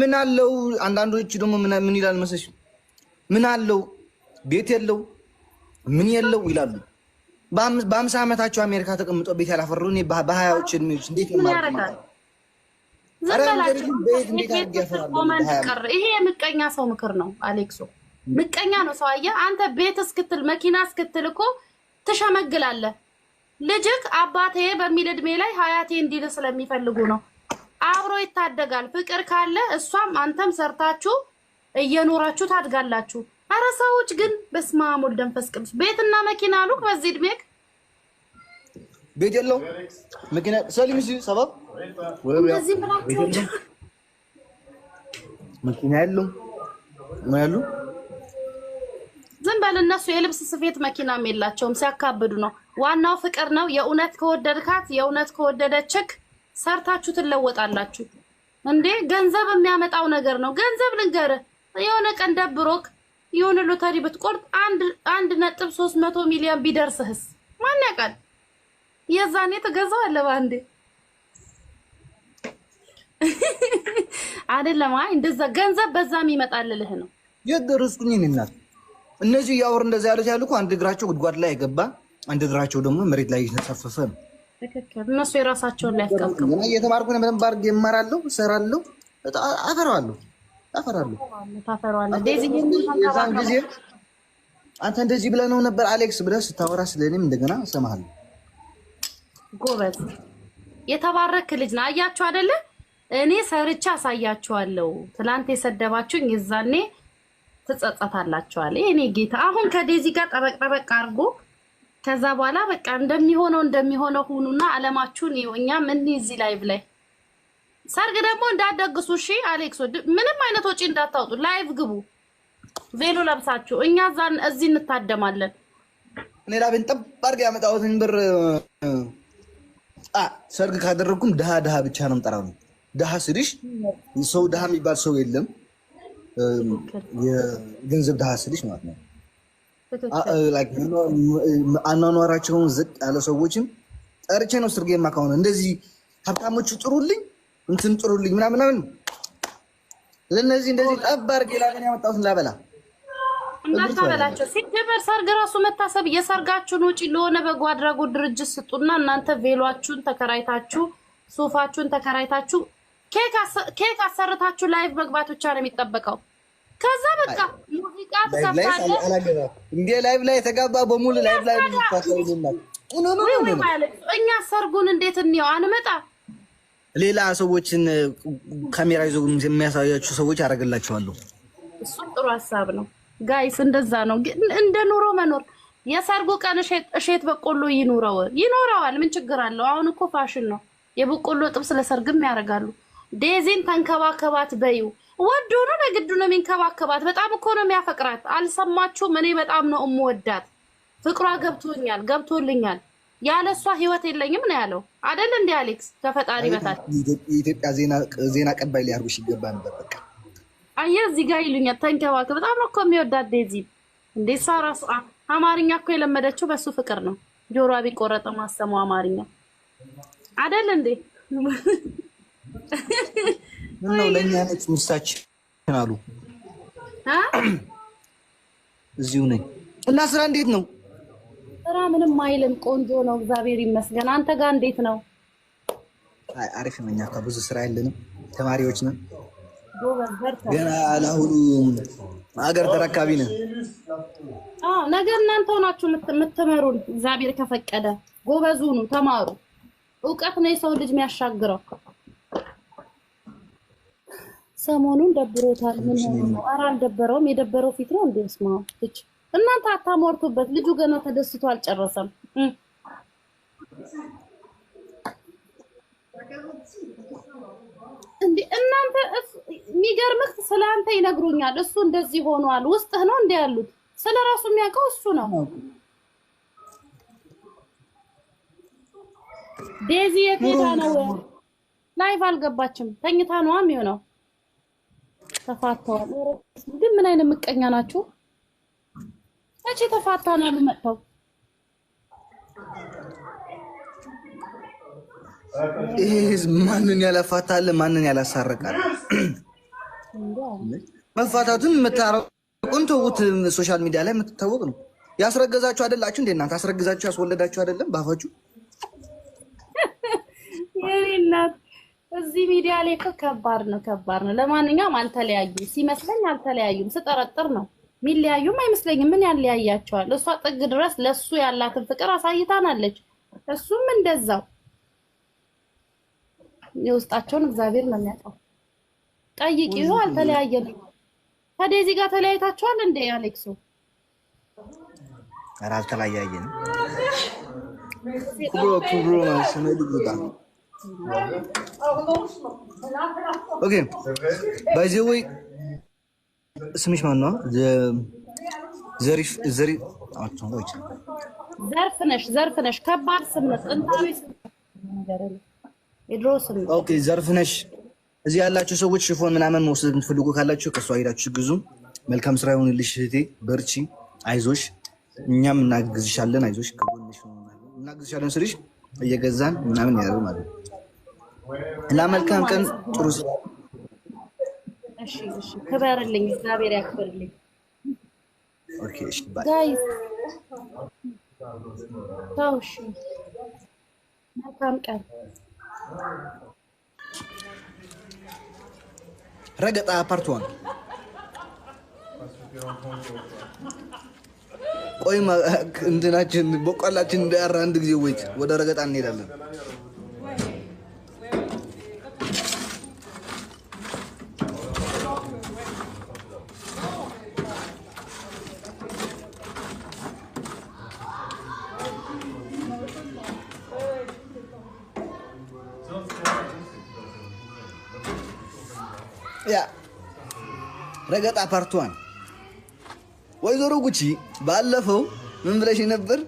ምን አለው? አንዳንዶች ደግሞ ምን ይላል መሰለሽ፣ ምን አለው ቤት የለው ምን የለው ይላሉ። በአምሳ ዓመታቸው አሜሪካ ተቀምጦ ቤት ያላፈሩ በሀያዎች እድሜዎች እንዴት ነው ይሄ የምቀኛ ሰው ምክር ነው። አሌክሶ ምቀኛ ነው ሰው። አየህ አንተ ቤት እስክትል መኪና እስክትል እኮ ትሸመግላለህ። ልጅክ አባቴ በሚል እድሜ ላይ ሀያቴ እንዲል ስለሚፈልጉ ነው። አብሮ ይታደጋል። ፍቅር ካለ እሷም አንተም ሰርታችሁ እየኖራችሁ ታድጋላችሁ። አረ ሰዎች ግን በስመ አብ ወልድ መንፈስ ቅዱስ ቤትና መኪና አሉክ። በዚህ እድሜክ ቤት የለው መኪና ሰሊም እዚህ ሰባብ እንደዚህ ብላችሁ መኪና የለው ነው ያሉ ዝም በል። እነሱ የልብስ ስፌት መኪናም የላቸውም ሲያካብዱ ነው። ዋናው ፍቅር ነው። የእውነት ከወደድካት የእውነት ከወደደችክ ሰርታችሁ ትለወጣላችሁ። እንዴ ገንዘብ የሚያመጣው ነገር ነው። ገንዘብ ልንገርህ፣ የሆነ ቀን ደብሮክ የሆነ ሎተሪ ብትቆርጥ አንድ አንድ ነጥብ ሶስት መቶ ሚሊዮን ቢደርስህስ ማን ያውቃል? የዛኔ ትገዛዋለህ በአንዴ አይደለም። አይ እንደዛ ገንዘብ በዛም ይመጣልልህ ነው የደረስኩኝ እናት እነዚህ ያወር እንደዛ ያሉት ያሉ አንድ እግራቸው ጉድጓድ ላይ የገባ አንድ እግራቸው ደግሞ መሬት ላይ የተንሳፈፈ ነው። እነሱ የራሳቸውን ላይ ያስቀምቀሙ። እየተማርኩን በደንብ አድርጌ እማራለሁ፣ እሰራለሁ፣ አፈራዋለሁ ታፈራለሁ የዛን ጊዜ አንተ እንደዚህ ብለህ ነው ነበር አሌክስ ብለህ ስታወራ ስለኔም እንደገና እሰማሃለሁ። ጎበዝ የተባረክ ልጅ ነው። አያችሁ አይደለ? እኔ ሰርቼ አሳያችኋለሁ። ትናንት የሰደባችሁኝ የዛኔ ትጸጸታላችኋል። እኔ ጌታ አሁን ከዴዚ ጋር ጠበቅ ጠበቅ አድርጎ ከዛ በኋላ በቃ እንደሚሆነው እንደሚሆነው ሁኑና አለማችሁን ይኸው። እኛ ምን እዚህ ላይቭ ላይ ሰርግ ደግሞ እንዳደግሱ እሺ። አሌክሶ ምንም አይነት ወጪ እንዳታወጡ፣ ላይቭ ግቡ ቬሎ ለብሳችሁ። እኛ እዛን እዚህ እንታደማለን። እኔ ላቤን ጠብ አድርጌ ያመጣሁትን ብር ሰርግ ካደረግኩም ድሃ ድሃ ብቻ ነው የምጠራው። ነው ድሃ ስልሽ ሰው ድሃ የሚባል ሰው የለም። የገንዘብ ድሃ ስልሽ ማለት ነው አኗኗራቸውን ዝቅ ያለ ሰዎችም ጠርቼ ነው ስርጌ ማካሆነ እንደዚህ ሀብታሞቹ ጥሩልኝ እንትን ጥሩልኝ ምናምን ለነዚህ እንደዚህ ጠባር ጌላገን ያመጣሁት እንዳበላ እናታበላቸው ሲጀመር ሰርግ ራሱ መታሰብ የሰርጋችሁን ውጪ ለሆነ በጎ አድራጎት ድርጅት ስጡና እናንተ ቬሏችሁን ተከራይታችሁ ሱፋችሁን ተከራይታችሁ ኬክ አሰርታችሁ ላይቭ መግባት ብቻ ነው የሚጠበቀው። ከዛ በቃ እንደ ላይቭ ላይ የተጋባ በሙሉ ላይቭ ላይ እኛ ሰርጉን እንዴት እንየው? አንመጣ ሌላ ሰዎችን ካሜራ ይዞ የሚያሳያችሁ ሰዎች አደርግላችኋለሁ። እሱ ጥሩ ሀሳብ ነው ጋይስ። እንደዛ ነው እንደ ኑሮ መኖር። የሰርጉ ቀን እሼት በቆሎ ይኑረው ይኖረዋል። ምን ችግር አለው? አሁን እኮ ፋሽን ነው። የበቆሎ ጥብስ ለሰርግም ያደርጋሉ። ዴዚን ተንከባከባት በይው ወዶ ነው ለግዱ ነው የሚንከባከባት። በጣም እኮ ነው የሚያፈቅራት። አልሰማችሁም? እኔ በጣም ነው እምወዳት። ፍቅሯ ገብቶኛል፣ ገብቶልኛል። ያለ እሷ ህይወት የለኝም ነው ያለው አደል? እንዲ አሌክስ ከፈጣሪ በታች የኢትዮጵያ ዜና ቀባይ ሊያርጉሽ ይገባ ነበር። በቃ አየ እዚህ ጋር ይሉኛል። ተንከባከብ። በጣም ነው እኮ የሚወዳት ዴዚ። እንዴ ራሱ አማርኛ እኮ የለመደችው በእሱ ፍቅር ነው። ጆሮ ቢቆረጠ ማሰማው አማርኛ አደል እንዴ ምነው ለእኛ ነች ሚስታችን አሉ። እዚሁ ነኝ እና ስራ እንዴት ነው? ስራ ምንም አይልም፣ ቆንጆ ነው፣ እግዚአብሔር ይመስገን። አንተ ጋር እንዴት ነው? አሪፍ ነው። እኛ ብዙ ስራ የለንም፣ ተማሪዎች ነን። ገና ለአሁኑ አገር ተረካቢ ነን። ነገር እናንተ ሆናችሁ የምትመሩን እግዚአብሔር ከፈቀደ። ጎበዙኑ ተማሩ። እውቀት ነው የሰው ልጅ የሚያሻግረው። ሰሞኑን ደብሮታል። ምን ሆኖ ነው? ኧረ አልደበረውም። የደበረው ፊት ነው እንዴ? ስማ እናንተ አታሟርቱበት። ልጁ ገና ተደስቶ አልጨረሰም። እንዴ እናንተ የሚገርምህ ስለአንተ ይነግሩኛል። እሱ እንደዚህ ሆኗል። ውስጥህ ነው እንዴ ያሉት። ስለ ራሱ የሚያውቀው እሱ ነው። ዴዚ የት ሄዳ ነው? ላይቭ አልገባችም። ተኝታ ነዋ የሚሆነው ተፋተዋል። ግን ምን አይነት ምቀኛ ናችሁ? መቼ ተፋታናሉ መጥተው ይሄ ህዝብ ማንን ያላፋታል? ማንን ያላሳርቃል? መፋታቱን የምታረቁን ተውት። ሶሻል ሚዲያ ላይ የምትታወቅ ነው። ያስረገዛችሁ አይደላችሁ እንዴ እናንተ? አስረገዛችሁ ያስወለዳችሁ አይደለም ባፋችሁ የእኔ እናት እዚህ ሚዲያ ላይ እኮ ከባድ ነው፣ ከባድ ነው። ለማንኛውም አልተለያዩም፣ ሲመስለኝ አልተለያዩም፣ ስጠረጥር ነው። ሚለያዩም አይመስለኝም። ምን ያለያያቸዋል? እሷ ጥግ ድረስ ለሱ ያላትን ፍቅር አሳይታናለች፣ እሱም እንደዛው። የውስጣቸውን እግዚአብሔር ነው የሚያውቀው። ጠይቂ። ይኸው አልተለያየንም። ከዴዚ ጋር ተለያይታችኋል እንዴ አሌክሶ? ኧረ አልተለያየንም። ኦኬ ባይ ዘ ወይ ስምሽ ማን ነው? ዘሪፍ ዘሪፍ ዘርፍ ነሽ ዘርፍ ነሽ። ከባድ ስም ነው። ጥንታዊ ስም የድሮ ስም ነው። ኦኬ ዘርፍ እዚህ ያላችሁ ሰዎች ሽፎን ምናምን መውሰድ የምትፈልጉ ካላችሁ ከእሷ ሄዳችሁ ግዙ። መልካም ስራ ይሆንልሽ እህቴ፣ በርቺ፣ አይዞሽ። እኛም እናግዝሻለን። አይዞሽ፣ ከጎንሽ እናግዝሻለን ስልሽ እየገዛን ምናምን ያደርግ ማለት ነው። እና መልካም ቀን ጥሩ ስራ ክበርልኝ፣ እግዚአብሔር ያክብርልኝ። መልካም ቀን። ረገጣ ፓርት ዋን። ቆይ እንትናችን በቋላችን እንዳያራ አንድ ጊዜ ወይት ወደ ረገጣ እንሄዳለን። ረገጣ ፓርቷን ወይዘሮ ጉቺ ባለፈው ምን ብለሽ ነበር?